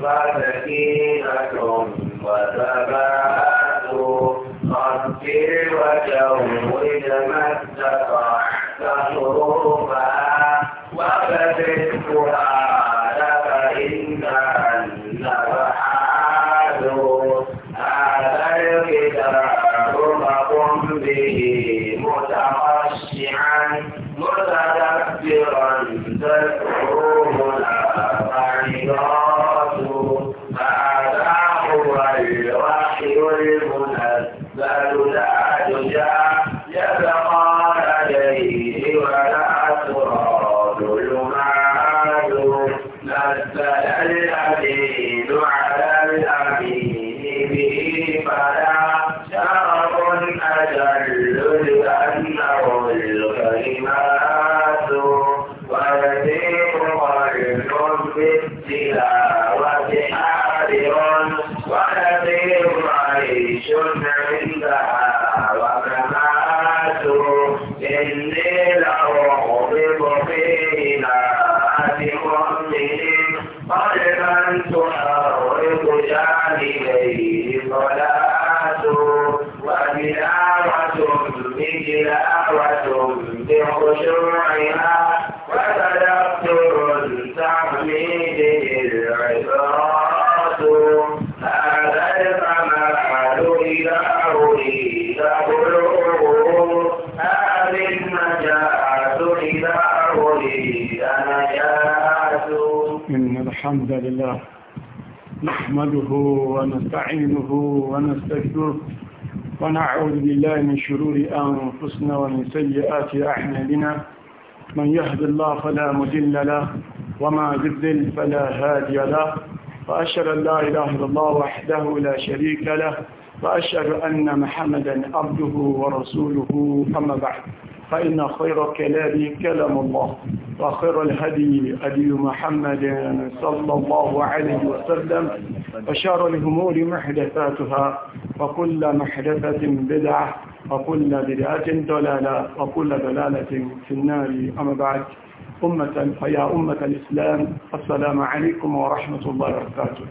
Thank you. نحمده ونستعينه ونستجده ونعوذ بالله من شرور أنفسنا ومن سيئات أعمالنا من يهد الله فلا مضل له وما يضلل فلا هادي له وأشهد أن لا إله إلا الله وحده لا شريك له وأشهد أن محمدا عبده ورسوله أما بعد فإن خير كلام كلام الله وخير الهدي هدي محمد صلى الله عليه وسلم وشار الأمور محدثاتها وكل محدثة بدعة وكل بدعة دلالة وكل دلالة في النار أما بعد أمة فيا أمة الإسلام السلام عليكم ورحمة الله وبركاته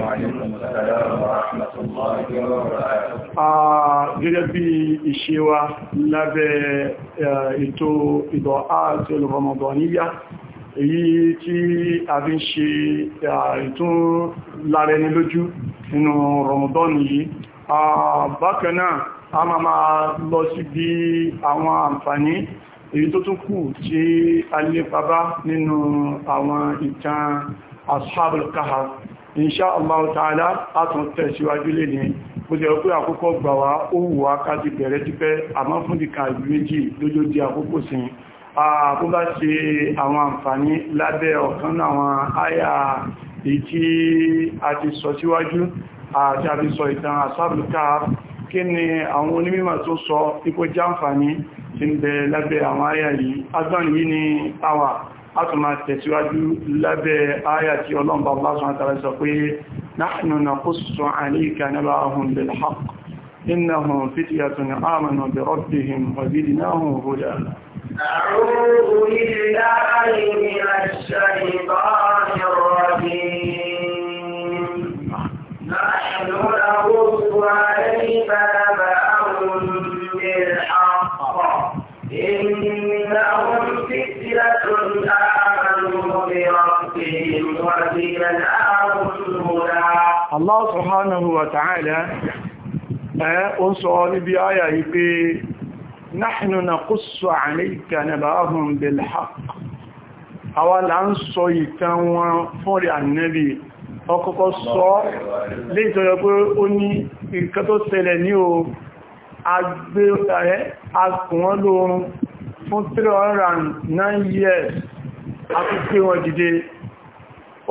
وعليكم السلام ورحمة الله وبركاته gẹ́gẹ́ bí ìṣe wa lábẹ́ ètò ìdọ̀áàtì olùrọmọdọ̀níyà èyí tí a fi ń ṣe ìtún lára ẹni lójú nínú rọmọdọ́nì yìí bákan a máa lọ sí bí àwọn àǹfààní èyí tó tún kù tí a lè pàbá nínú àwọn ìtàn ashabul kahf insha Allah ta'ala a tún tẹ̀síwájú lè ní bó jẹ́ pé àkókò gbà wá ó wù wá ká ti bẹ̀rẹ̀ ti pẹ́ àmọ́ fún ìkà ìlú lójó di àkókò sí àkó bá àwọn àǹfààní a ti sọ síwájú àti àti sọ ìtàn ashabul kahf kí ni àwọn tí ń bẹ lábẹ́ àwọn àyà yìí agbọ́n yìí ni àwà a tún máa tẹ̀síwájú lábẹ́ àyà tí ọlọ́mbà bá sọ àtàrà sọ pé nahnu naqussu alayka naba'ahum bil haqq Allah subhanahu wa ta'ala ó ń sọ níbi ayà yìí pé nahnu naqussu 'alayka naba'ahum bil haqq àwa là ń sọ ìtàn wọn fún rí ànẹ́bì ọkọ̀kọ́ sọ lè tọ́jọ pé ó ní tó ní o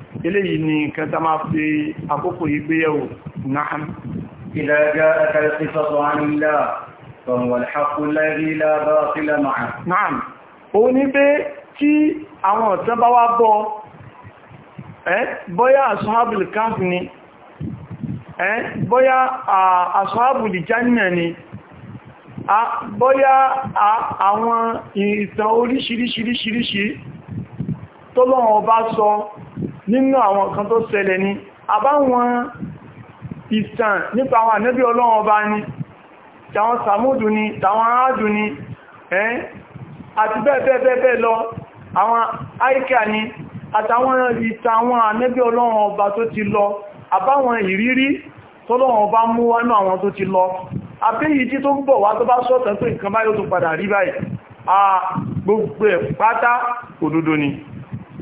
eléyìí ni nǹkan tá máa fi àkókò yìí gbé yẹ̀wò náà إذا جاءك القصص عن الله فهو الحق نعم ó ní pé tí àwọn ọ̀tán bá wá bọ́ ẹ́ bóyá asọ́hábùl kámp ni ẹ́ bóyá asọ́hábùl jánà ni bóyá àwọn ìtàn oríṣiríṣiríṣiríṣi tó lọ́wọ́ bá sọ nínú àwọn kan tó ṣẹlẹ̀ ni àbáwọn ìtàn nípa àwọn ànẹ́bí ọlọ́run ọba ni tàwọn sàmúdù ni tàwọn aráàdù ni ẹ́n àti bẹ́ẹ̀bẹ́ẹ̀bẹ́ẹ̀ lọ àwọn aìkà ni àtàwọn ìtàn àwọn ànẹ́bí ọlọ́run ọba tó ti lọ àbáwọn ìrírí tọ́lọ́run ọba mú wánú àwọn tó ti lọ àbẹ́yìí tí tó ń bọ̀ wá tó bá sọ́tàn pé nǹkan báyìí tó padà rí báyìí ah,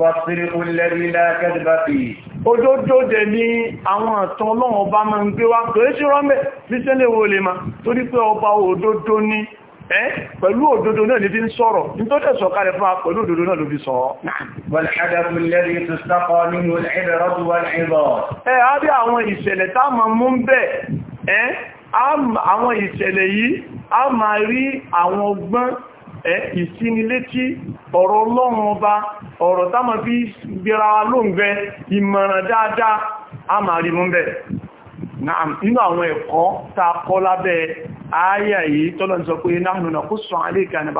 wàtíríkù lẹ́rí lákẹ́dìbá fi ojójóde ní àwọn àtàn ọlọ́run ọba máa ń gbé wá tó é sí rọ́mẹ́ ní sẹ́lẹ̀ wo lè máa torí pé ọba òdodo ní ẹ́ pẹ̀lú òdodo náà ní fi ń sọ̀rọ̀ ní tó tẹ̀sọ̀ kalẹ̀ fún pẹ̀lú òdodo náà ló fi sọ àwọn ìṣẹ̀lẹ̀ yìí a ìsínilétí ọ̀rọ̀ ọlọ́run ọba ọ̀rọ̀ táwọn fi gbéra lóǹgbẹ ìmọ̀ràn dáadáa a máa rí mú bẹ̀ nínú àwọn ẹ̀kọ́ ta kọ́ lábẹ́ ayà yìí tọ́lọ̀ sọ pé nahnu naqussu alayka na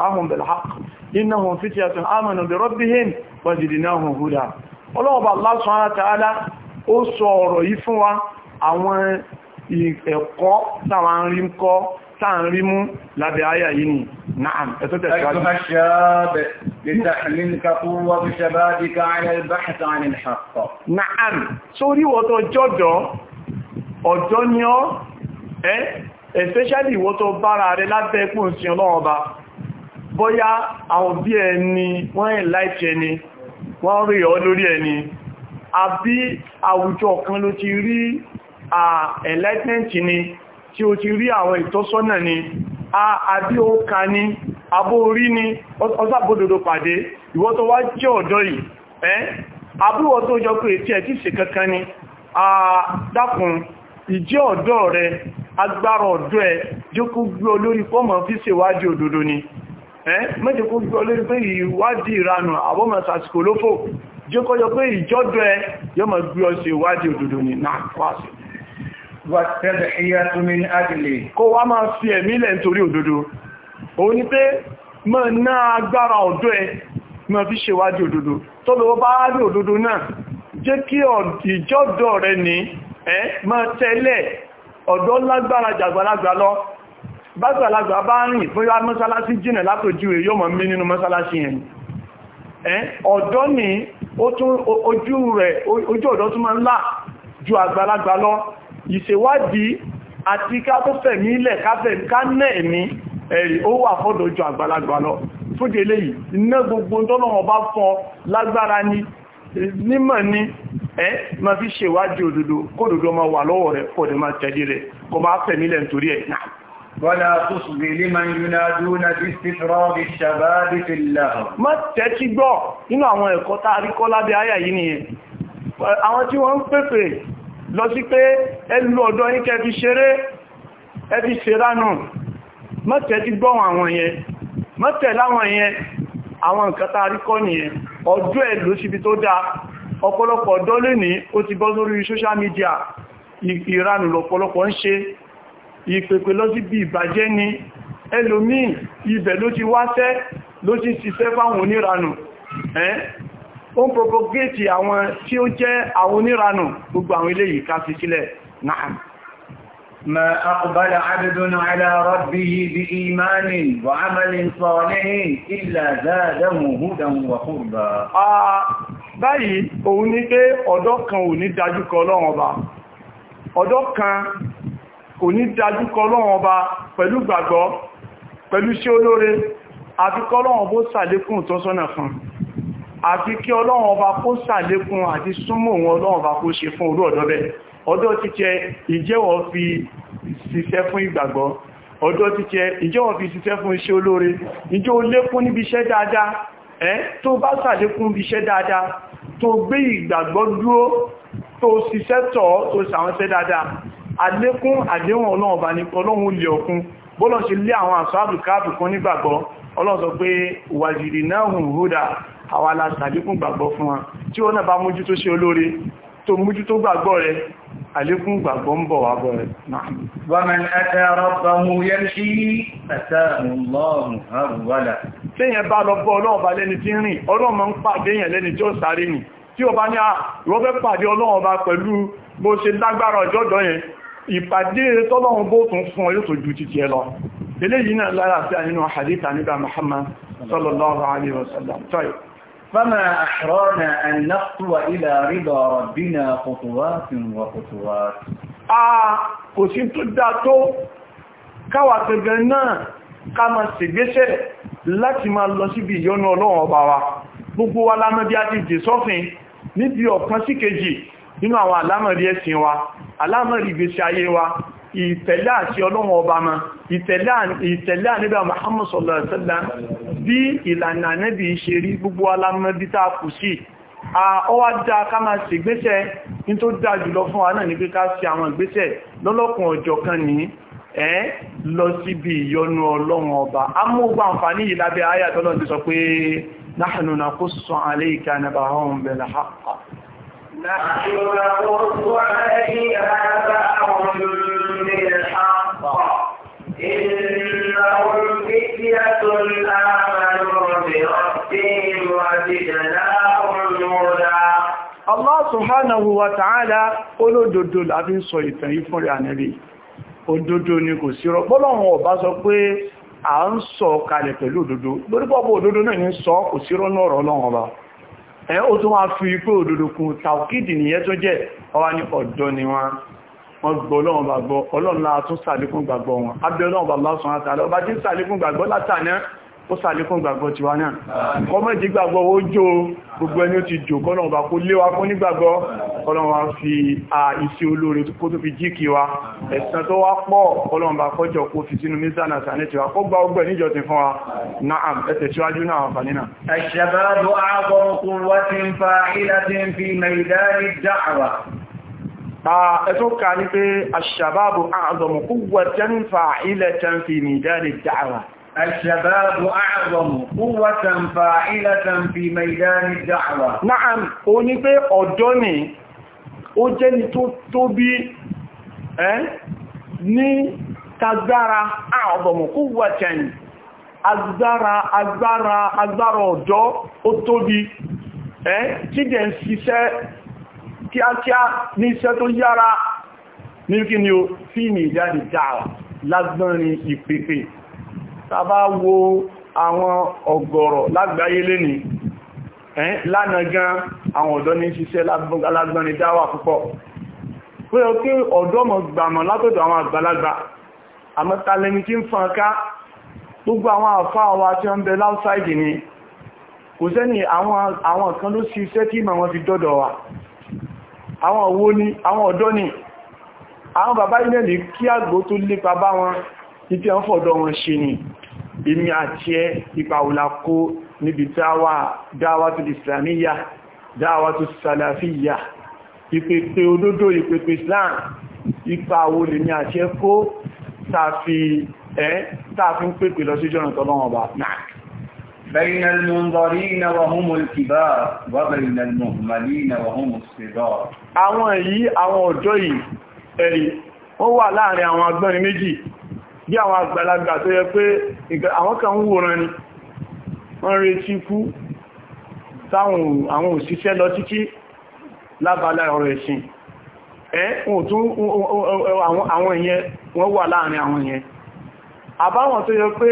sọ ọ̀rọ̀ yìí ni نعم أيها الشاب لتحملك قوة شبابك على البحث عن الحق نعم sórí ìwọ tó jọ̀dọ̀ ọ̀dọ́ especially ìwọ tó bára rẹ lábẹ́ ẹkùn sí ọlọ́wọ́ bá bóyá àwọn bí ẹni wọ́n ń láìtì ẹni wọ́n rí ọ lórí ẹni àbí kan ló ti rí enlightenment ni tí ó ti rí àwọn ìtọ́sọ́nà ni àbí ó ka ní abó orí ní ọsàbódòdó pàdé ìwọ tó wá jẹ́ ọ̀dọ́ yìí ẹ́ abúwọ tó jọ pé tí ẹ̀ a dákun ìjẹ́ ọ̀dọ́ rẹ agbára ọ̀dọ́ ẹ jókú gbé olórí fọ́mọ̀ fi ṣèwádìí òdodo ni ẹ́ mẹ́jẹ̀kú wàtẹ́bẹ̀ ìyàtúmí àdìlè kó wá máa fi ẹ̀mí lẹ̀ nítorí òdodo òun ni pé mọ́ náà agbára ọ̀dọ́ ẹ mọ́ fi ṣèwádìí òdodo tó lọ bá rí òdodo náà jẹ́ kí ìjọ́dọ̀ rẹ ní ẹ mọ́ tẹ́lẹ̀ ọ̀dọ́ lágbára jàgbàlagbà lọ bàgbàlagbà bá rìn bóyá mọ́sálásí jìnà lápòjúwe yóò mọ̀ mí nínú mọ́sálásí yẹn ọ̀dọ́ ni ojú ọ̀dọ́ tún máa ń là ju àgbàlagbà lọ ìṣèwádìí àti ká tó fẹ̀mí ilẹ̀ ká náà ẹ̀mí ẹ̀rì ó wà fọ́dọ̀ ojú àgbàlagbà lọ fúnjẹ eléyìí iná gbogbo tọ́lọ́wọ́n bá fọ́ lágbára ní nímọ̀ ní ẹ́ ma fi ṣèwádìí òdodo kódodo ma wà lọ́wọ́ rẹ̀ kọ́dẹ̀ ma tẹ̀lé rẹ̀ kọ ma fẹ̀mí ilẹ̀ nítorí ẹ̀ náà ولا تصغي لمن ينادون باستفراغ الشباب في اللهو má tẹ́tí gbọ́ nínú àwọn ẹ̀kọ́ tá a rí kọ́ lábẹ́ àyà àwọn tí wọ́n ń pèpè lọ sí pé ẹlú ọ̀dọ́ yín kẹfì ṣeré ẹfì ṣeránù mọ́tẹ̀ ti gbọ́wọ̀n àwọn yẹn mọ́tẹ̀ láwọn yẹn àwọn nǹkan tá a nìyẹn ọjọ́ ẹ̀ síbi tó dáa ọ̀pọ̀lọpọ̀ ọ̀dọ́ lè ní ó ti bọ́ sórí social media ìranù lọ̀pọ̀lọpọ̀ ń ṣe ìpèpè lọ sí bí ìbàjẹ́ ni ẹlòmíì ibẹ̀ ló ti wáṣẹ́ ló ti ṣiṣẹ́ fáwọn oníranù ó ń propagate àwọn tí ó jẹ́ àwọn oníranù gbogbo àwọn ilé yìí ká fi sílẹ̀ náà ma aqbala abdun ala rabbihi bi imanin wa amalin salihin illa zadahu hudan wa qurba báyìí òun ní pé ọ̀dọ́ kan ò ní dájúkọ ọlọ́run ọba kan kò ní dájúkọ ọlọ́run pẹ̀lú gbàgbọ́ pẹ̀lú sí olóore àfikọ́ ọlọ́run bó sàlékún ìtọ́sọ́nà fún àti kí ọlọ́run ọba kó sàlékún àti súnmọ́ wọn ọlọ́run ọba kó ṣe fún orú ọ̀dọ́ bẹ́ẹ̀ ọ̀dọ́ títẹ́ ìjẹ́wọ̀ fi ṣiṣẹ́ fún ìgbàgbọ́ ọ̀dọ́ títẹ́ ìjẹ́wọ̀ fi ṣiṣẹ́ fún iṣẹ́ olóore ìjẹ́ o lékún níbi iṣẹ́ dáadáa ẹ́ tó bá sàlékún níbi iṣẹ́ dáadáa tó gbé ìgbàgbọ́ dúró tó ṣiṣẹ́ tọ̀ tó ṣàwọnṣẹ́ dáadáa àlékún àdéhùn ọlọ́run ọba ní ọlọ́run lè ọkún àwa la ṣàlékún gbàgbọ́ fún wa tí wọ́n náà bá mójú tó ṣe olóore tó mójú tó gbàgbọ́ rẹ̀ àlékún gbàgbọ́ ń bọ̀ wá bọ̀ rẹ̀ náà. Bọ́mọ̀n ẹ̀tẹ́ ẹ lọ. Eléyìí náà lára sí àyínú àhàdíta nígbà Muhammad sallallahu alaihi wasallam. فما أحرانا أن نخطو إلى رضا ربنا خطوات وخطوات آه òsìn tó dá tó káwà gẹ̀gẹ̀ náà ká máa ṣègbésẹ̀ láti máa lọ síbi ìyọ́nú ọlọ́run ọba wa gbogbo wa lámọ́ bí a ti jẹ sọ́fin níbi ọ̀kan sí kejì nínú àwọn àlámọ̀rí ẹ̀sìn wa àlámọ̀rí ìgbésí ayé wa ìtẹ̀lé àti ọlọ́run ọba ma ìtẹ̀lé àníbà Muhammad sallallahu alaihi wasallam bí ìlànà ànẹ́bì ṣe rí gbogbo alámọ́bí tá kù sí ọwá dá ká máa ṣe gbésẹ̀ ní tó dá jùlọ fún wa náà ní pé ká ṣe àwọn ìgbésẹ̀ lọ́lọ́kùn ọjọ́ kan ní ẹ́ lọ síbi ìyọnu ọlọ́run ọba a mú gbà àǹfààní yìí lábẹ́ ayàtọ́lọ́ ti sọ pé nahnu naqussu alayka nabahum bil haqq نحن نقص عليها بعض بالحق إنهم فتية آمنوا بربهم وزدناهم هدى Allah subhanahu wa ta'ala olódodo láti sọ ìtàn yìí fún rẹ̀ ànẹ́rí. Òdodo ni kò sí rọ̀. Bọ́lọ̀wọ̀n ọ̀bá sọ pé à ń sọ kalẹ̀ pẹ̀lú òdodo. Lórípọ̀ òdodo náà ní sọ kò sí rọ́ náà rọ̀ ọlọ́run ẹ ó tún wá fi pé òdodo kun tàùkìdì nìyẹn tó jẹ́ ọwá ní ọ̀dọ́ ni wọ́n wọ́n gbọ́ ọlọ́run gbàgbọ́ ọlọ́run láà tún sàlékún gbàgbọ́ wọn abẹ́ ọlọ́run bàbá sùn àtàlẹ́ ọba sàlékún gbàgbọ́ ó sàlékún gbàgbọ́ tiwa náà kọmọ́dé gbàgbọ́ ó jó gbogbo ẹni ó ti jò kọ́nà ọba kó léwa fún nígbàgbọ́ kọ́nà wa fi à iṣẹ́ olóore kó tó fi jí kí wa ẹ̀san tó wá pọ̀ kọ́nà ọba kọjọ kó fi sínú mísànà sàní tiwa kó gba ọgbẹ̀ níjọ ti fún wa الشباب أعظم قوة فاعلة في ميدان الدعوة ẹ̀tọ́ ka ní pé الشباب أعظم قوة فاعلة في ميدان الدعوة الشباب أعظم قوة فائلة في ميدان الدعوة نعم oni pé ọ̀dọ́ ni ó jẹ́ ni tó tóbi eh ní tagbára أعظم قوة agbára agbára agbára ọ̀dọ́ ó tóbi eh tí de ń ṣiṣẹ́ kíákíá ní iṣẹ́ tó yára ní kí ni ó fi ní ìjáde dáa lágbọ́nrin ìpèpè tàbá wo àwọn ọ̀gọ̀rọ̀ lágbàáyé lẹ́ni lánàá gan àwọn ọ̀dọ́ ní ṣiṣẹ́ alágbọ́nni dáwà púpọ̀ pé o kí ọ̀dọ́ mọ̀ gbàmọ̀ látọ̀dọ̀ àwọn àgbàlagbà àmọ́tàlẹ́ni tí ń fọn ká gbogbo àwọn àfáà wa tí ó ń bẹ láúsáìdì ni kò sẹ́ni àwọn kan ló sí iṣẹ́ tí ma wọn fi dọ́dọ̀ wa àwọn owó ni àwọn ọ̀dọ́ ni àwọn bàbá ilẹ̀ lè kí àgbò tó lépa bá wọn ìpẹ́ ọ̀fọ̀dọ̀ wọn ṣe ni èmi àti ẹ ipa òlà kó níbi dáwà dáwà tó islamiyya dáwà tó salafiyya ìpèpè òdodo ìpèpè islam ipa wo lè ní àti ẹ kó tàfi ẹ́ tàfi ń pèpè lọ sí jọ́nà tọ́lọ́wọ̀n bá náà بين المنظرين وهم الكبار وبين المهملين وهم الصغار àwọn yìí àwọn ọ̀dọ́ yìí ẹ̀rí wọ́n wà láàrin bí àwọn àgbàlagbà tó yẹ pé àwọn kan ń wòran ni wọ́n retí kú táwọn àwọn òṣìṣẹ́ lọ títí lábàlá ọ̀rọ̀ ẹ̀sìn ẹ́ àwọn ìyẹn wọ́n wà láàrin àwọn ìyẹn àbáwọn tó yẹ pé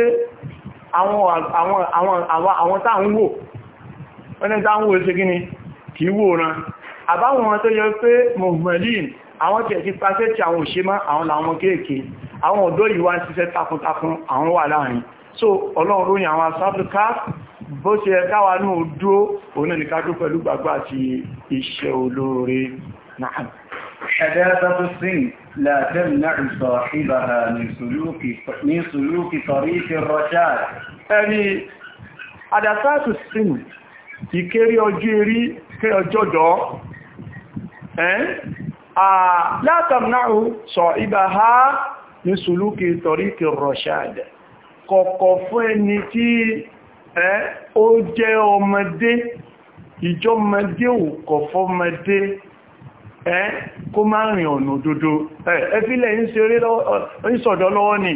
àwọn táwọn wò ẹni táwọn wò ṣe gíní kì í wòran àbáwọn tó yẹ pé mohamed àwọn tẹ̀ ti pàṣẹ́ tí àwọn òṣèmá àwọn làwọn kéèkéè àwọn ọ̀dọ́ yìí wá ń ṣiṣẹ́ takuntakun àwọn wà láàrin so ọlọ́run ròyìn àwọn asáfíkà bó ṣe ẹ̀dáwà náà dúó òun ní kájú pẹ̀lú gbàgbà àti iṣẹ́ olóore náà حداثة السن لا تمنع صاحبها من سلوك من سلوك طريق الرشاد ẹni àdàsáàtù sínú ìkéré ọjọ́ eré kéré ọjọ́jọ́ ẹ́ látàmnáà sọ ìbáhá ní sùlúkì tọ̀ríkì rọ̀ṣàd kọ̀kọ̀ fún ẹni tí ẹ́ ó jẹ́ ọmọdé ìjọmọdé ò kọ̀ fọ́mọdé ẹ́ kó má rìn ọ̀nà òdodo ẹfílẹ̀ ń sọ̀dọ̀ lọ́wọ́ ni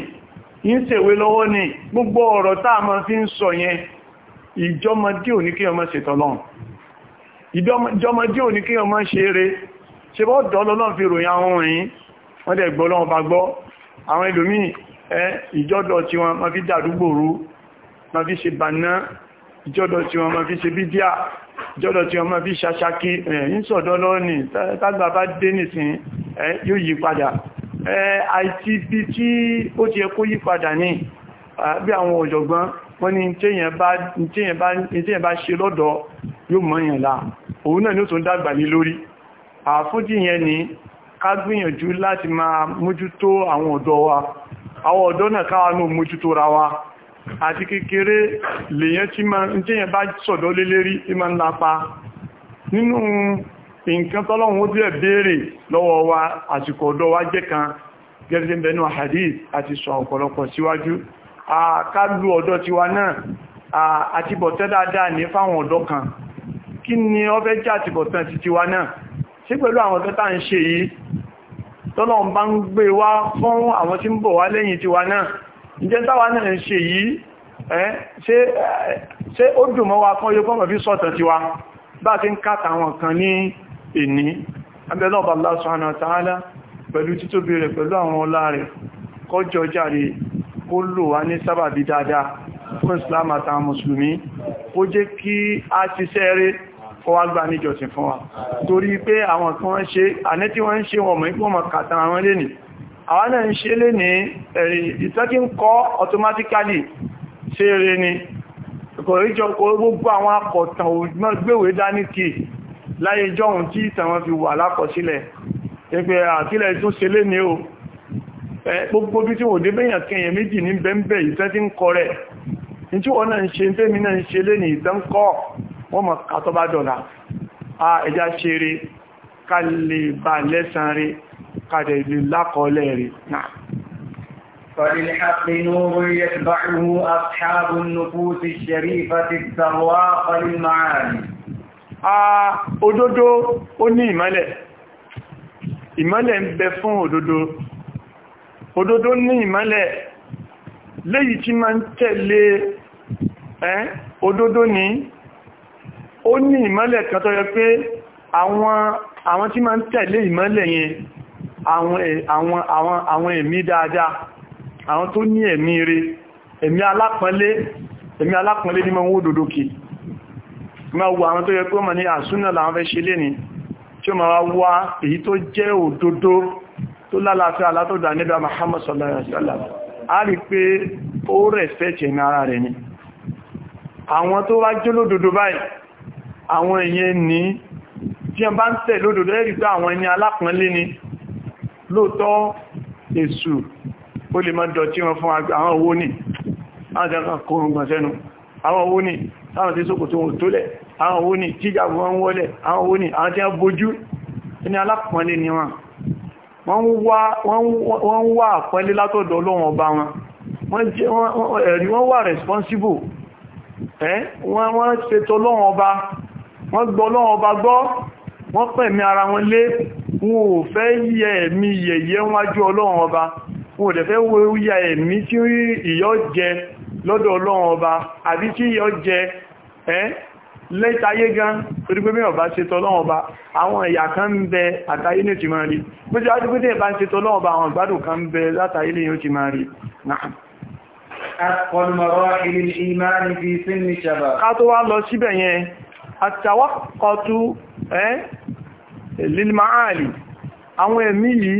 ń sèwé lọ́wọ́ ni gbogbo ọ̀rọ̀ táà máa fi ń sọ yẹn ìjọmọdé ò ní kí ọmọ ṣètọ́lọ́run ìjọmọdé ò ní kí ọmọ ṣe eré àwọn ẹlòmíì ìjọ́dọ̀ tí wọ́n ma fi dàdúgbòrú ma fi ṣe bàná ìjọ́dọ̀ tí wọ́n ma fi ṣe bídíà ìjọ́dọ̀ tí wọ́n ma fi ṣaṣakí ìsọ̀dọ́lọ́ ní tágbà bá dé nìsìn yóò yí padà àìsí bí tí ó ti ẹkó yí padà ní bí àwọn ọ̀jọ̀gbọ́n wọ́n ní tíyẹn bá ṣe lọ́dọ̀ ni ká gbìyànjú láti máa mójútó àwọn ọ̀dọ́ wa àwọn ọ̀dọ́ náà káwà náà mójútó ra wa àti kékeré lèyàn tí ma ń jẹ́yàn bá sọ̀dọ́ lélérí tí ma ń lápa nínú nǹkan tọ́lọ́run ó bẹ̀rẹ̀ béèrè lọ́wọ́ wa àsìkò ọ̀dọ́ wa jẹ́ kan gẹ́gẹ́ bẹ̀nu hadith àti sọ ọ̀pọ̀lọpọ̀ síwájú àkálù ọ̀dọ́ tiwa náà àtibọ̀tẹ́ dáadáa ní fáwọn ọ̀dọ́ kan kí ni ọ fẹ́ jẹ́ àtibọ̀tán ti tiwa náà sí pẹ̀lú àwọn tẹ́ta ń ṣe yìí tọ́lọ́run bá ń gbé wá fún àwọn tí ń bọ̀ wá lẹ́yìn tiwa náà ǹjẹ́ táwa náà ń ṣe yìí ṣé ó dùn mọ́ wa kọ́ yóò kọ́mọ̀ fi sọ́tọ̀ tiwa bá ti ń káta àwọn kan ní ìní abẹ́lọ́bà Allah subhanahu wa ta'ala pẹ̀lú títóbi rẹ̀ pẹ̀lú àwọn ọlá rẹ̀ kó wá gbà níjọsìn fún wa torí pé àwọn kan wọ́n ṣe àní tí wọ́n ń ṣe wọ̀n mọ̀ kàtà àwọn lẹ́nì àwọn náà ń ṣe lẹ́nì ẹ̀rì ìtọ́kí ń kọ́ automatically ṣe rẹ̀ ni kò ríjọ gbogbo àwọn akọ̀tàn gbéwé dání kì láyé jọun tí ìtàwọn fi wà lákọsílẹ̀ ẹgbẹ́ àtílẹ̀ tó ṣe lẹ́ni o gbogbo bí tí wò dé bẹ́yàn kẹyẹ méjì ní bẹ́m̀bẹ̀ ìtẹ́ tí ń wọ́n mọ̀ kàtọ́ bá dọ̀là a ẹja ṣe rí ká lè bà lẹ́sàn rí ká lè lè rí náà يتبعه أصحاب النفوس الشريفة الثرواء فللمعاني òdodo ó ní ìmọ́lẹ̀ ìmọ́lẹ̀ ń bẹ fún òdodo òdodo ní ìmọ́lẹ̀ léyìí tí máa ń tẹ̀lé ẹ́ òdodo ní ó ní ìmọ́lẹ̀ kan tó yẹ pé àwọn tí máa ń tẹ̀lé ìmọ́lẹ̀ yẹn àwọn ẹ̀mí dáadáa àwọn tó ní ẹ̀mí ire ẹ̀mí alápọ̀nlé ẹ̀mí alápọ̀nlé ní mọ́ dòdókè ma wo àwọn tó yẹ pé mọ̀ ní àsúnà làwọn fẹ́ ṣe lé ní tí ó ma wá èyí tó jẹ́ òdodo tó lálàáfíà látọ̀dà nígbà Muhammad sallallahu alaihi wasallam a rí pé ó rẹ̀ fẹ́ tẹ̀mí ara rẹ̀ ni àwọn tó wá jólódodo báyìí àwọn èèyàn ní tí ẹ bá ń tẹ̀ lódòdó ẹ̀rí pé àwọn ẹni alápọ̀nlé ni lóòtọ́ èṣù ó lè má dọ̀tí wọn fún àwọn owó ní àwọn owó ní àwọn tí sókò tó wọ́n tó lẹ̀ àwọn owó ní ni wọn wọ́n ń wá àpọ́nlé látọ̀dọ̀ ọlọ́run ọba wọn ẹ̀rí wọ́n wà responsible wọ́n ṣe tọ́lọ́run ọba wọ́n gbọ́ lọ́wọ́ bá gbọ́ wọ́n pẹ̀mí ara wọn lé wọn ò fẹ́ yẹ ẹ̀mí yẹ̀yẹ́ wájú ọlọ́run ọba wọn ò dẹ̀ fẹ́ wo ya ẹ̀mí tí ìyọ́ jẹ lọ́dọ̀ ọlọ́run ọba àbí tí ìyọ́ jẹ ẹ́ lẹ́tayé gan torí pé mẹ́wàá bá ṣetọ́ lọ́wọ́ bá àwọn ẹ̀yà kan ń bẹ àtayé ní ti máa rí àtàwákọ̀tú lílmáàlì àwọn ẹ̀mí yìí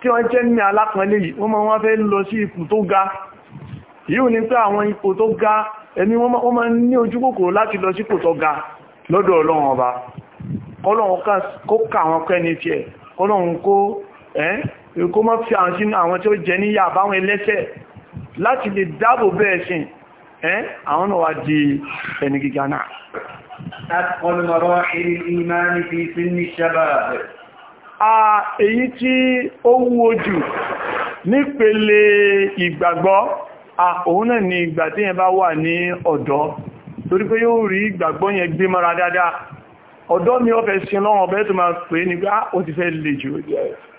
tí wọ́n jẹ́ ní alápọ̀nlé yìí wọ́n máa wọ́n fẹ́ lọ sí ipò tó ga yíò ní pé àwọn ipò tó ga ẹ̀mí wọ́n máa ní ojú kòkòrò láti lọ sí ipò tó ga lọ́dọ̀ ọlọ́run ọba kọ́lọ́run kó kà wọn kẹ́ni tiẹ̀ kọ́lọ́run kó أتقل مراحل الإيمان في سن الشباب èyí tí ó wúwo jù nípele ìgbàgbọ́ òun náà ni ìgbà tí yẹn bá wà ní ọ̀dọ́ torí pé yóò rí ìgbàgbọ́ yẹn gbé mara dáadáa ọ̀dọ́ mi ọ́fẹ́ sí ọlọ́run ọ̀bẹ́ tó máa pè ní ah, ó ti fẹ́ lè jù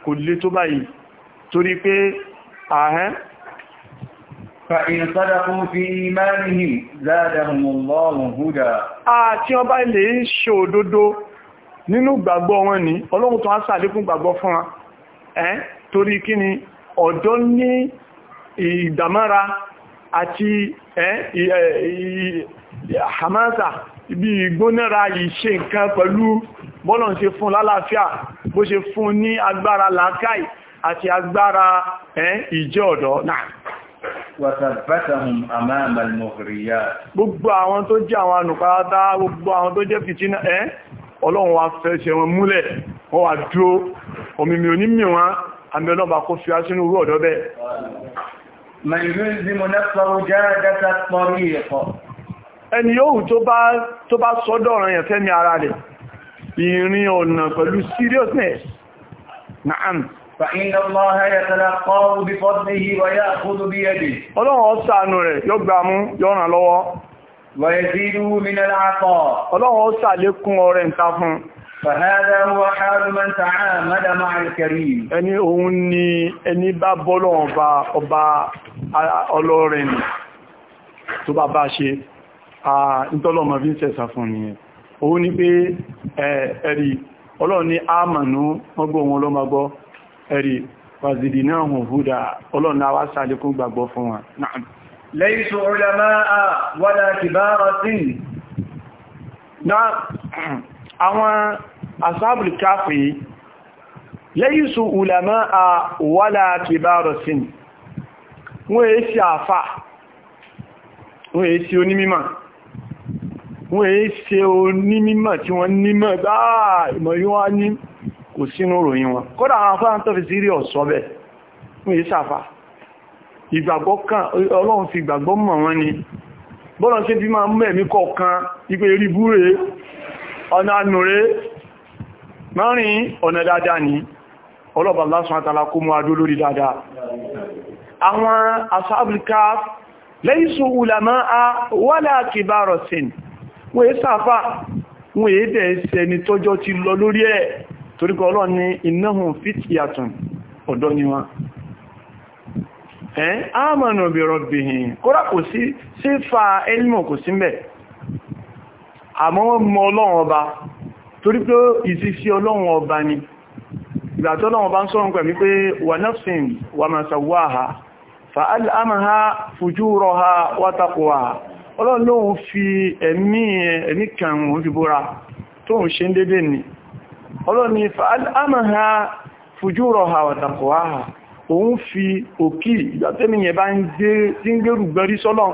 kò lè tó báyìí torí pé ààrẹ فإن صدقوا في إيمانهم زادهم الله هدى àti ọba ilẹ̀ ń ṣe òdodo nínú gbàgbọ́ wọn ni ọlọ́run tó wá sàlékún gbàgbọ́ fún wa ẹ́ torí kí ni ọ̀dọ́ ní ìdámára àti hamasa ibi ìgbónára ìṣe nǹkan pẹ̀lú bọ́lọ̀ ṣe fún lálàáfíà bó ṣe fún ní agbára làákàì àti agbára ìjẹ́ ọ̀dọ́ náà wàtàbátàhùn àmàmà al-mughriyat gbogbo àwọn tó jẹ́ àwọn ànùpáátá gbogbo àwọn tó jẹ́ fìtínà ẹ́ ọlọ́run wa fẹ́ṣẹ̀ wọn múlẹ̀ wọ́n wà dúró òmìmì onímì wọn àmì ọlọ́ba kó fi aṣínú rú ọ̀dọ́ bẹ́ẹ̀ ẹni yóò tó bá sọ́dọ̀ ọ̀rọ̀ yẹn fẹ́mi ara rẹ̀ ona ọ̀nà pẹ̀lú seriousness am. فإن الله يتلقاه بفضله ويأخذ بيده ọlọ́run ó ṣàánú rẹ̀ yóò gbà lọ́wọ́ ويزيده من العطاء ọlọ́run ó ṣàlékún ọrẹ fún فهذا هو حال من تعامل مع الكريم ẹni òun ni ẹni bá bọ́lọ́run bá ọba tó bá bá ṣe ìtọ́lọ́mọ̀ bí ń sẹ̀sà fún ni ẹ̀rí wàzìdì náà hùn húdà ọlọ́nà wá sàlékún gbàgbọ́ fún wa laysu ulama'a wala kibaratin àwọn asáàbùl káfí laysu ulama'a wala kibaratin wọ́n èé sí àfà wọ́n èé sí onímímọ̀ wọ́n èé sí onímímọ̀ tí wọ́n ní kò sínú ròyìn wọn kódà àwọn afáàn tó fi sírí ọ̀sọ́ bẹ̀ fún ìsàfà ìgbàgbọ́ kan ọlọ́run fi ìgbàgbọ́ mọ̀ wọn ni bọ́lọ̀ ṣe fi máa mú ẹ̀mí kọ̀ọ̀kan ipé erí búrẹ́ ọ̀nà ànúrẹ́ márùn ọ̀nà dáadáa ni ọlọ́bà lásán àtàlà kó mú adó lórí dáadáa àwọn asáàbìká lẹ́yìnsù ulàmá a wálà kìbárọ̀sìn wọ́n èé sàfà wọ́n èé dẹ̀ ẹsẹ̀ tọ́jọ́ ti lọ lórí ẹ̀ toríkọ ọlọ́run n'i innahum fityatun ọ̀dọ́ ni wá ẹ́n amanu bi rabbihim kódà kò sí sí fa elmo kò sí mẹ́ àmọ́ mọ́ ọba toríkọ pé ọlọ́run ọba ni ìgbà ọlọ́run ń ṣe ń dédé ni ọlọ́ni fa'al'amaha fujuraha wa taqwaha òun fi òkì ìgbàtẹ́niyàn bá ń gbé tí ń gbérù gbẹ́rí sọ́lọ́n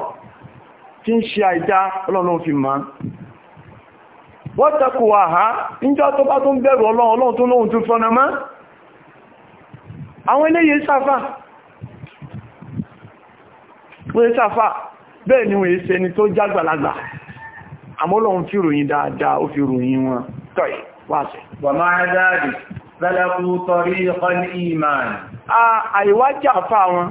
tí ń ṣe àìdá ọlọ́run bá tó ń bẹ̀rù bẹ́ẹ̀ ni wọ́n tó jágbàlagbà fi ròyìn dáadáa ó fi ròyìn wọn wáṣẹ̀. wàmá dáàdì fẹ́lẹ́kú tọrí ọkọ̀ ní ìmáàn. àìwájà fà wọn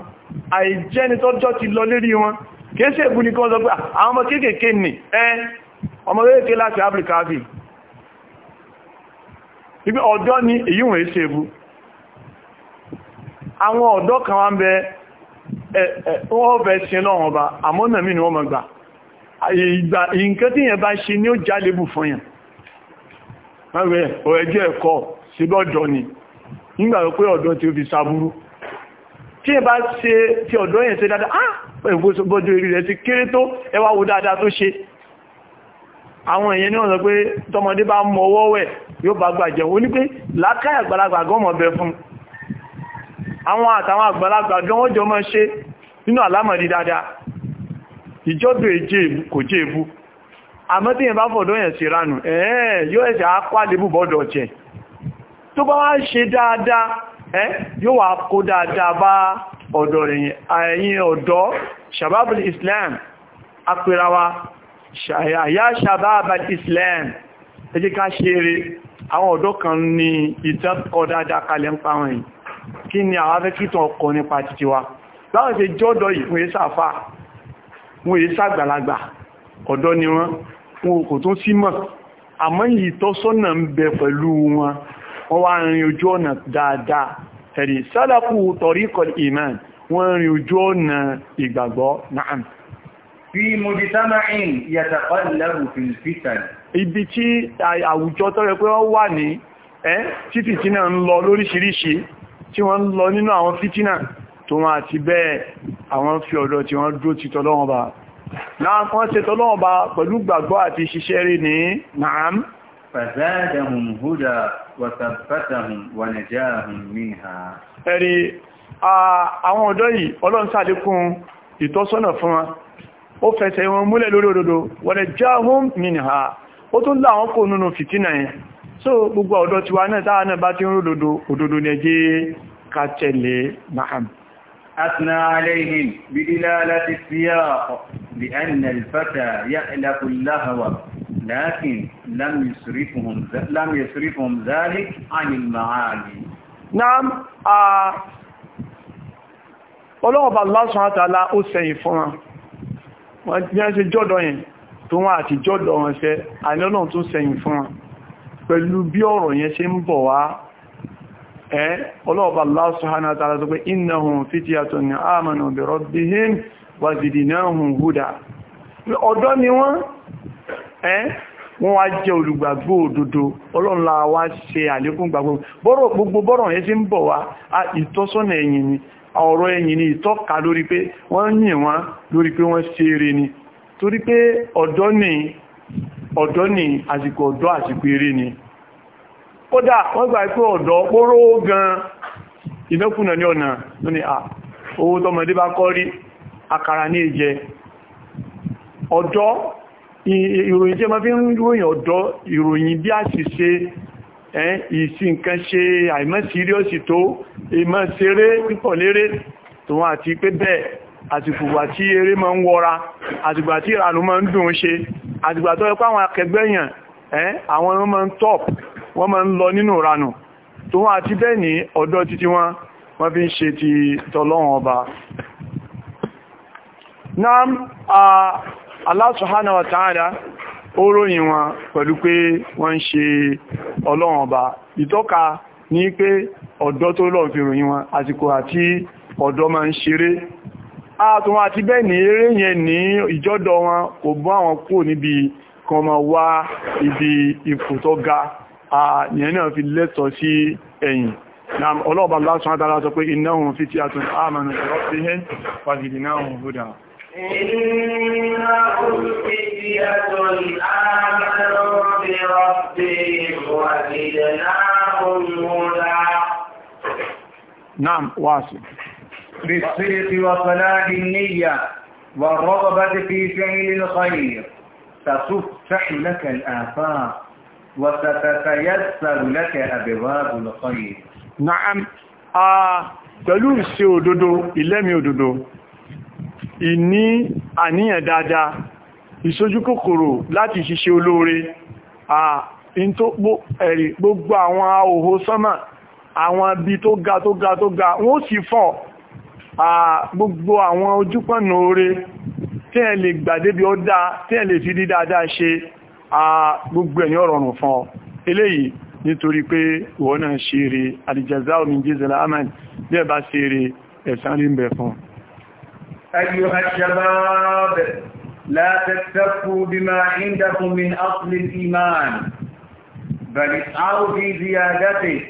àìjẹ́ni tó jọ ti lọ lérí wọn kìí ṣe ìbú ní kí wọ́n sọ pé ah, àwọn ọmọ kéèkèé nì ẹ́ ọmọ kéèkèé láti áfíríkà fi ibi ọ̀dọ́ ni èyí wọ̀n ṣe ìbú àwọn ọ̀dọ́ kan wá ń bẹ wọ́n bẹ ṣe lọ́wọ́n ọba àmọ́nà mí ni wọ́n mọ̀ gbà ìgbà nǹkan tí yẹn bá ṣe ní ó jálébù fún yàn àwẹ̀ ọ̀ẹ́jẹ́ ẹ̀kọ́ sí lọ́jọ́ ni nígbà pé ọ̀dọ́ tí ó fi sàbúrú tí ẹ bá ṣe tí ọ̀dọ́ yẹn ṣe dáadáa ah ẹ̀gbọ́sọ̀gbọ́jọ́ eré rẹ̀ ti kéré tó ẹ wá wo dáadáa tó ṣe àwọn èèyàn ní ọ̀sọ̀ pé tọmọdé bá mọ ọwọ́ wẹ̀ yóò bá gbà jẹun ó ní pé lákàyà àgbàlagbà gọ́mọ̀ bẹ fún àwọn àtàwọn àgbàlagbà gan wọ́n jọ mọ́ ṣe nínú àlámọ̀dí dáadáa ìjọ́dọ̀ èjé kò jẹ́ èbú àmọ́ tí yẹn bá fọ̀dọ́ yẹn sí ránù ẹ̀ẹ́ yóò ẹ̀sẹ̀ àpàdébù bọ́dọ̀ jẹ tó bá wá ṣe dáadáa ẹ́ yóò wà kó dáadáa bá ọ̀dọ̀ ẹ̀yìn ọ̀dọ́ shababul islam apẹrawa àyá shababul islam ẹjẹ́ ká ṣe eré àwọn ọ̀dọ́ kan ní ìtẹ́kọ̀ dáadáa kalẹ̀ ń pàwọn yìí kí ni àwọn afẹ́kítọ̀ ọ̀dọ́ ni wọ́n wọn kò tún sí mọ̀ àmọ́ ìtọ́sọ́nà ń bẹ pẹ̀lú wọn wọ́n wá rin ojú ọ̀nà dáadáa ẹ̀rí sálàkù tọ̀ríkọ̀ ìmán wọ́n rin ojú ọ̀nà ìgbàgbọ́ náà fi mujtama'in yataqallabu fil fitan ibi tí àwùjọ tó pé wọ́n wà ní ẹ́ tí fìtínà ń lọ lóríṣìíríṣìí tí wọ́n ń lọ nínú àwọn fìtínà tó wọ́n àti bẹ́ẹ̀ àwọn fi ọ̀dọ̀ tí wọ́n dúró ti tọ́lọ́wọ́n bá náà wọ́n ṣe tọ́lọ́wọ́ bá pẹ̀lú gbàgbọ́ àti ṣiṣẹ́ rí ní naam fazadahum huda wa thabbatahum wa najahum minha ẹ̀rí àwọn ọ̀dọ́ yìí ọlọ́run ṣàlékún ìtọ́sọ́nà fún wọn ó fẹsẹ̀ wọn múlẹ̀ lórí òdodo wa najahum minha tẹ̀lé maham asna alayhim bidila láti síyà بأن الفتى يألف اللهو لكن لم يصرفهم لم يصرفهم ذلك عن المعالي نعم ọlọ́wọ́ bá lásán àtàlá ó sẹ́yìn fún wọn wọ́n tí wọ́n ṣe jọ́dọ̀ yẹn tó wọ́n àti jọ́dọ̀ wọn ṣe àìlọ́nà tó sẹ́yìn fún wọn pẹ̀lú bí ọ̀rọ̀ yẹn ṣe ń bọ̀ wá ẹ́ ọlọ́wọ́ lásán àtàlá tó pé innahum fityatun amanu wàzìdìnáhùn húdà ọ̀dọ́ ni wọ́n ẹ́ wọ́n wá jẹ́ olùgbàgbọ́ òdodo ọlọ́run wá ṣe àlékún gbàgbọ́ bọ́rọ̀ gbogbo bọ́rọ̀ yẹn tí ń bọ̀ wá ìtọ́sọ́nà ẹ̀yìn ni ọ̀rọ̀ ẹ̀yìn ni ìtọ́ka lórí pé wọ́n yìn wọ́n lórí pé wọ́n ṣe ni torí pé ọ̀dọ́ ni ni àsìkò ọ̀dọ́ àsìkò eré ni kódà wọ́n gbà pé ọ̀dọ́ ìnákùnà ní ọ̀nà àkàrà ní ìjẹ ọ̀dọ́ ìròyìn tí ma fi ń ròyìn ọ̀dọ́ ìròyìn bí àṣìṣe ìsì nǹkan ṣe àìmọ́ síríọ́sì tó ìmọ́ seré pípọ̀ léré tó wọ́n àti pé bẹ́ẹ̀ àtìgbà tí eré ma ń wọra àtìgbà tí ìrànú ma ń dùn ṣe àtìgbà tó ẹkọ́ àwọn akẹgbẹ́yàn àwọn ọmọ ma ń tọ́p wọ́n ma ń lọ nínú ìrànú tó wọ́n àti bẹ́ẹ̀ ní ọ̀dọ́ títí wọ́n fi ń ṣe ti tọlọ́run ọba Naam, Allah Subhanahu wa ta'ala ó ròyìn wọn pẹ̀lú pé wọ́n ń ṣe ọlọ́run ọba. Ìtọ́ka ní pé ọ̀dọ́ tó lọ́n fi ròyìn wọn àsìkò àti ọ̀dọ́ máa ń ṣeré. A tún àti bẹ́ẹ̀ ní eré yẹn ní ìjọ́dọ̀ wọn kò bọ́ àwọn kò níbi kan máa wá ibi ipò tó ga. Àyẹn náà fi lẹ́tọ̀ sí ẹ̀yìn. Naam, ọlọ́ọ̀bà Allah Subhanahu wa ta'ala sọ pé innahum fityatun amanu bi rabbihim wa zidnahum huda. بربهم نعم واصل بالصدق وصلاح النية والرغبة في فعل الخير تصفح لك الآفاق وستتيسر لك أبواب الخير نعم آه. سيو دودو إلا ميو دودو ìní àníyàn dáadáa ìṣojú kòkòrò láti ṣiṣẹ́ olóore ẹ̀rì gbogbo àwọn ahòhò sánmà àwọn ibi tó ga tó ga tó ga wọ́n sì fọ́ gbogbo àwọn ojúpọ̀nà oore tí ẹ lè gbàdébí ó dá tí ẹ lè fi dí dáadáa ṣe gbogbo ẹ̀ ní ọ̀rọ̀rùn fún eléyìí nítorí pé ìwọ náà ṣe rí àdìjẹ̀zá omi jízẹ̀lá amán bí ẹ bá ṣe rí ẹ̀sán rí ń bẹ̀ fún أيها الشباب لا تكتفوا بما عندكم من أصل الإيمان بل اسعوا في زيادته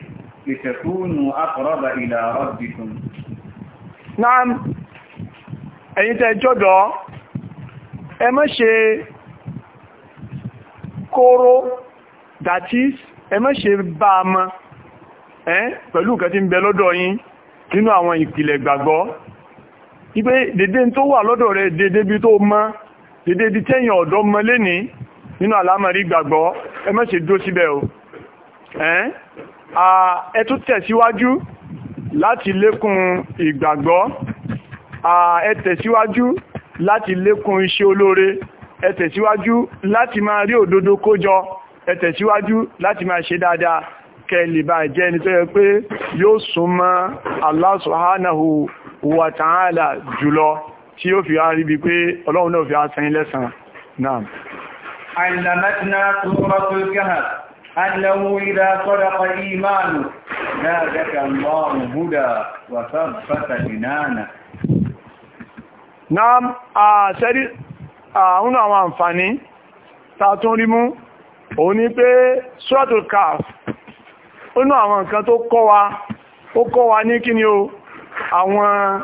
لتكونوا أقرب إلى ربكم نعم أنت جدو أما شيء kóró داتيس أما شيء بام ṣe bá a mọ́ ẹ́ pẹ̀lú nǹkan tí ń bẹ lọ́dọ̀ yín nínú àwọn ìpìlẹ̀ gbàgbọ́ ipé dédé tó wà lọ́dọ̀ rẹ̀ dédé bí tó mọ́ dédé di tẹ́yìn ọ̀dọ́ mọ́ lẹ́ni nínú àlámọ̀rí gbàgbọ́ ẹ má ṣe dúró síbẹ̀ o ẹ tún tẹ̀síwájú láti lékún ìgbàgbọ́ ẹ tẹ̀síwájú láti lékún iṣẹ́ olóore ẹ tẹ̀síwájú láti máa rí òdodo kójọ ẹ tẹ̀síwájú láti máa ṣe dáadáa kẹ́ lè bá jẹ́ ẹni tó yẹ pé yóò súnmọ́ Allah subhanahu wa ta'ala jùlọ tí ó fi rí bí pé ọlọ́run náà fi aṣẹ́yìn lẹ́sàn náà علمتنا سورة الكهف أنه إذا صدق إيمانه زادك الله هدى وثبت جنانه Naam, àṣẹ́rí àwọn àwọn àǹfàní tàtún rí mú, òun ni pé Suratul Kahf, ó ní àwọn nǹkan tó kọ́ wa, ó kọ́ wa ní kí ni o, àwọn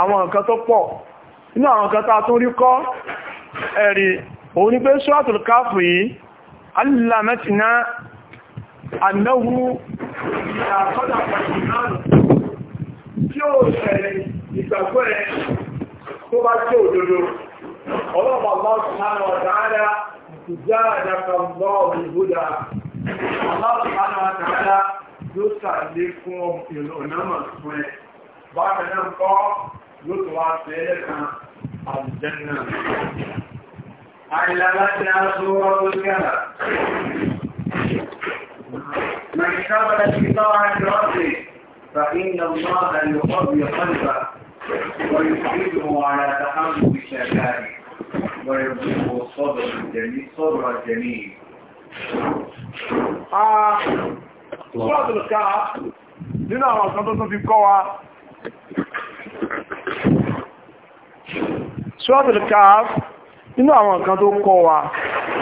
àwọn nǹkan tó pọ̀ inú àwọn nǹkan tún rí kọ́ ẹ̀rì òun ni pé Suratul Kahf yìí alìlàmẹ́tìná annahu ìyàkọ́dà pàtàkì náà tí ó ṣẹlẹ̀ ìgbàgbọ́ ẹ̀ tó bá jẹ́ òdodo دوسا ليكم الأنام الصغير بعد أنام قاع يطلع سيرنا الجنة علمتنا صورة الكلام من كبر في طاعة ربه فإن الله يقوي قلبه ويحيده على تحمل شكاه ويرزقه الصبر الجميل صبر الجميل Sọ́ọ̀tù ká nínú àwọn ọ̀sán tó tún fi kọ́ wa. Sọ́ọ̀tù ká nínú àwọn nǹkan tó kọ́ wa,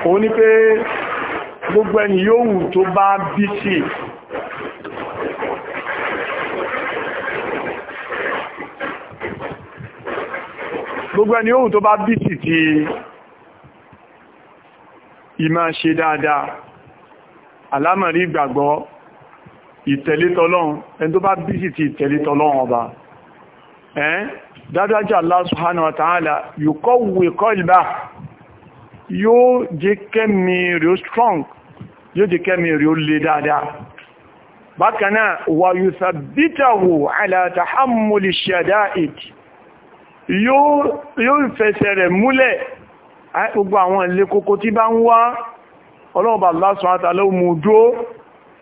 òun ni pé gbogbo ẹni yóò wù tó bá bí sí gbogbo ẹni yóò wù tó bá bí sí ti ìmá ṣe dáadáa alámọ̀rí ìgbàgbọ́ ìtẹ̀lé tọ́lọ́run ẹni tó bá bí sí ti ìtẹ̀lé tọ́lọ́run ọba ẹ́n dájájá Allah subhanahu wa ta'ala yíkọ́ wèkọ́ ìlbá yóò jẹ́ kẹ́mì rí ó strong yóò jẹ́ kẹ́mì rí ó lè dáadáa bákanáà wà yóò sàbítàwò ala tahammuli shada'id yóò fẹsẹ̀ rẹ̀ múlẹ̀ gbogbo àwọn ilé kókó tí bá ń wá ọlọ́ọ̀bà Allah subhanahu wa ta'ala mú dúó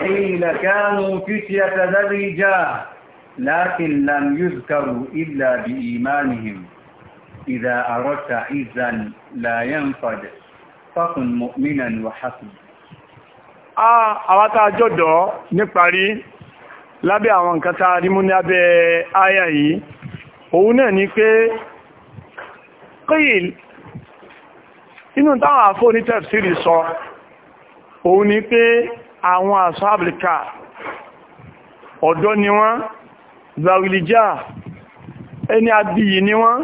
حين كانوا فتية ذريجا لكن لم يذكروا إلا بإيمانهم إذا أردت عزا لا ينفد فكن مؤمنا وحسب àwátá jọ́dọ̀ níparí lábẹ́ àwọn nǹkan tá a rí mú ní abẹ́ àyà yìí òun náà ni pé kíyìl inú táwọn àfóní tẹ̀fsìrì sọ òun ni pé àwọn àṣábìlìkà ọ̀dọ́ ni wọ́n zawilijá ẹni abìyì ni wọ́n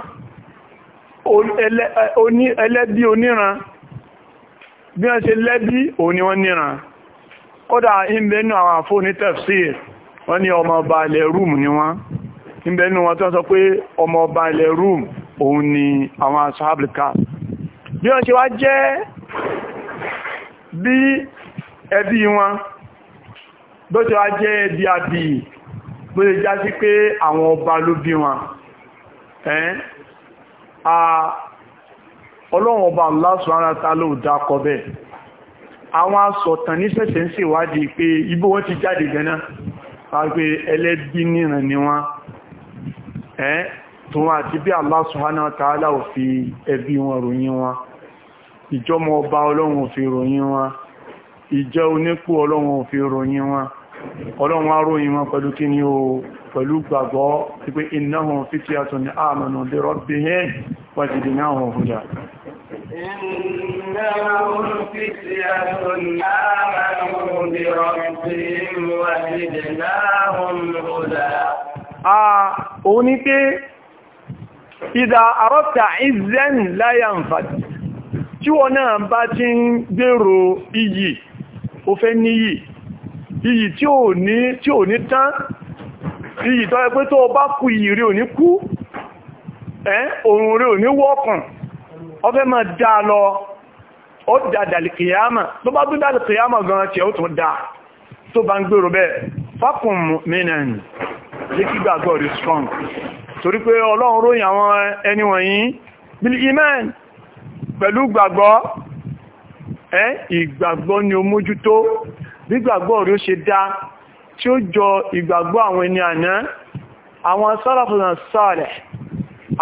ẹlẹ́bí oníran bí wọ́n ṣe lẹ́bí òun ni wọ́n níran kódà ìbẹ̀nù àwọn àfó ní tafsir wọ́n ní ọmọ ọba ilẹ̀ rúm ni wọ́n ìbẹ̀nù wọn tó sọ pé ọmọ ọba ilẹ̀ rúm òun ni àwọn àṣábìlìkà bí wọ́n ṣe wá jẹ́ bí ẹbí wọn bó ti wá jẹ́ ẹbí àbí bó pé àwọn ọba ló bí wọn ẹ́n ọba Allah subhanahu wa ló dákọ àwọn asọ̀tàn ní sẹ̀sẹ̀ ń ṣèwádìí pé ibo wọn ti jáde gẹ́nà pàgbé ẹlẹ́bí nìràn ni ẹ́n tó wa wọn ìjọmọ ọba ọlọ́run ò fi ròyìn wọn ìjẹ́ onípò ọlọ́run ò fi ròyìn wọn ọlọ́run á ròyìn wọn pẹ̀lú kí ni o pẹ̀lú gbàgbọ́ wípé innahum fityatun amanu bi rabbihim wa zidnahum huda innahum fityatun amanu bi rabbihim wa zidnahum huda Ah, òun ni pé ìdá tí wọ́n náà bá ti ń gbèrò iyì o fẹ́ níyì iyì tí ò ní tán iyì tọ́ yẹ pé tó bá kú iyì rí ò ní kú òun rí ò ní wọ́kàn ó fẹ́ máa dá lọ ó dá dàlìkìyàmà tó bá tún dàlìkìyàmà gan tí ó tún dá tó bá ń gbèrò pẹ̀lú gbàgbọ́ ẹ́ ìgbàgbọ́ ni o mójútó bí gbàgbọ́ rí ó ṣe dá tí ó jọ ìgbàgbọ́ àwọn ẹni àná àwọn sáràfúnà sàálẹ̀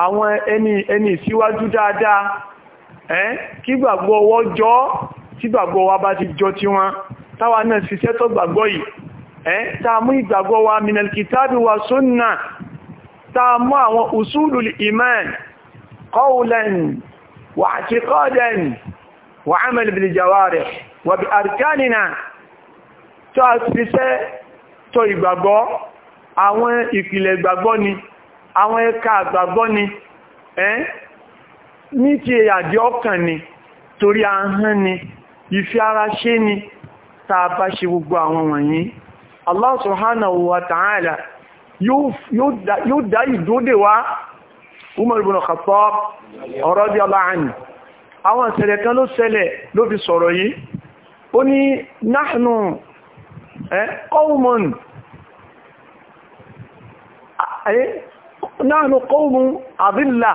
àwọn ẹni ìsíwájú dáadáa ẹ́ kí gbàgbọ́ wọ́ jọ tí gbàgbọ́ wa bá ti jọ tí wọn táwa náà ṣiṣẹ́ tó gbàgbọ́ yìí ẹ́ ta mú ìgbàgbọ́ wa minal kitabi wa sunna ta mú واعتقادا وعمل بالجوارح وبأركاننا تأسسة tó ìgbàgbọ́ àwọn ìpìlẹ̀ ìgbàgbọ́ ni àwọn ẹ̀ka ìgbàgbọ́ ni ẹ́n ní ti àdí ọkàn ni torí ahọ́n ni ìfẹ́ ara ni tá a bá ṣe gbogbo àwọn Allah subhanahu wa ta'ala yóò Umar ibn Khattab radiyallahu anhu àwọn ìṣẹ̀lẹ̀ kan ló ṣẹlẹ̀ ló fi sọ̀rọ̀ yìí ó ní nahnu qawmun nahnu qawmun adilla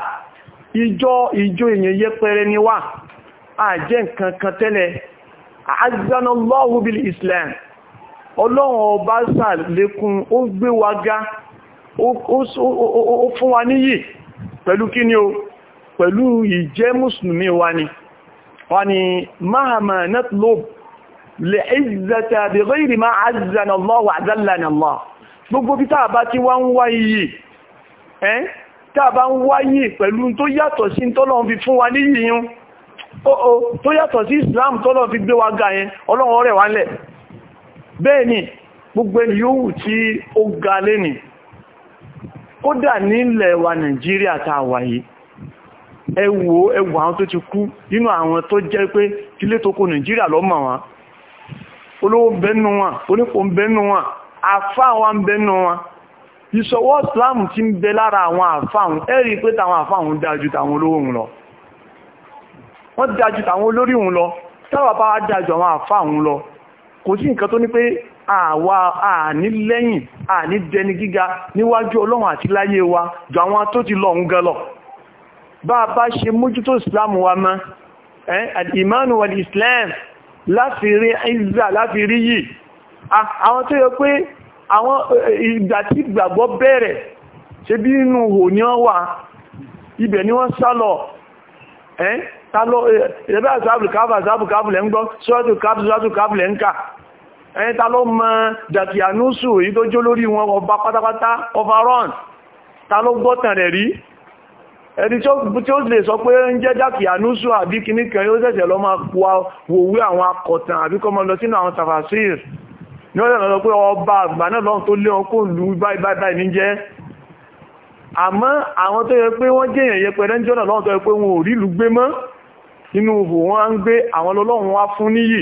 ìjọ ìjọ èèyàn yẹpẹrẹ ni wá àjẹ́ nǹkan kan tẹ́lẹ̀ azanallahu bil islam ọlọ́run ọba sàlékún ó gbé wa ga ó fún wa níyì pẹ̀lú kí ni o pẹ̀lú ìjẹ́ mùsùlùmí wa ni wa ni mahama natlob lè ìzẹta bí rírí ma azan Allah wa azallan Allah gbogbo bí tàà bá tí wọ́n wá iyì ẹ́n tàà bá ń wáyé pẹ̀lú tó yàtọ̀ sí tọ́lọ́n fi fún wa ní Islam tọ́lọ́n fi gbé wa ga yẹn ọlọ́run rẹ̀ wá lẹ̀ bẹ́ẹ̀ ni kódà nílẹ̀ wa nàìjíríà tá a wà yìí ẹ wò ẹ wò àwọn tó ti kú nínú àwọn tó jẹ́ pé kílé tó kó nàìjíríà lọ́mọ̀ wọn olówó bẹ́nu wọn onípo bẹ́nu wọn àfá wọn bẹ́nu wọn ìṣọwọ́ islam ti ń bẹ lára àwọn àfá wọn ẹ pé táwọn àfá dájú táwọn olówó lọ wọ́n dájú táwọn olórí wọn lọ táwọn bá dájú àwọn àfá lọ kò sí nǹkan tó ní pé àwa àní lẹ́yìn àní dẹni gíga níwájú ọlọ́run àti láyé wa jù àwọn tó ti lọ ń gan lọ bá a bá ṣe mójútó islam wa mọ́ ìmánu wal islam láfi rí ìzà láfi rí yìí àwọn tó yẹ pé àwọn eh, ìgbà tí gbàgbọ́ bẹ̀rẹ̀ ṣe bí inú hò ní wọ́n wà ibẹ̀ ni wọ́n sálọ ẹ́ tálọ́ ìrẹ́bẹ́ àti àbùkábù àti ẹni ta ló mọ dàkíyànúsù èyí tó jó lórí wọn ọba pátápátá overrun ta ló gbọ́tàn rẹ̀ rí ẹni tí ó lè sọ pé ń jẹ́ dàkíyànúsù àbí kìíní kan yóò ṣẹ̀ṣẹ̀ lọ máa wòwé àwọn akọ̀tàn àbí kọ́ mọ́ lọ sínú àwọn tafasir ní ọ̀rẹ́ lọ pé ọba àgbà náà lọ́n tó lé ọkùn lú inú òhò wọn ń gbé àwọn lọ́lọ́run wá fún níyì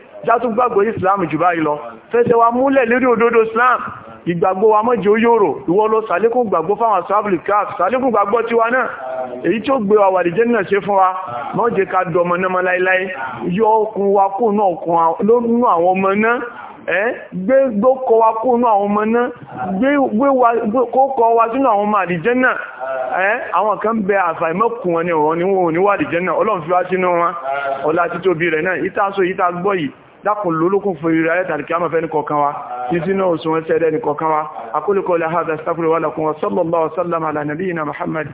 játún gbàgbọ́ islam jù báyìí lọ fẹsẹ̀ wa múlẹ̀ lérí òdodo islam ìgbàgbọ́ wa mọ́jẹ oyóró ìwọ lọ sàlékún gbàgbọ́ fáwọn sáàbùlì káàp sàlékún gbàgbọ́ tiwa náà èyí tí ó gbé wa wàdìjẹ́ náà ṣe fún wa mọ́jẹ ká dọmọ náà láíláí yọ okùn wa kó náà kún lónú àwọn ọmọ náà gbé gbókọ wa kó nú àwọn ọmọ náà gbé kókọ wa sínú àwọn ọmọ àdìjẹ́ náà àwọn kan bẹ àfàìmọ́kùn wọn ni wọ́n ni wọ́n níwà àdìjẹ́ náà ọlọ́run fi wá sínú wọn ọlá títóbi rẹ̀ náà ìtàṣọ ìtàgbọ́ yìí dákùn lólókùn fún ìrírà ayẹ́ta àti kíámọ̀ fẹ́ni kọ̀ọ̀kan wa tí sínú òṣùn ẹsẹ̀ ẹ̀dẹ́ nìkọ̀ọ̀kan wa akólùkọ̀ ilẹ̀ haza sáfúrò wà lọ́kùn wa sallallahu sallam ala nabiyyina muhammad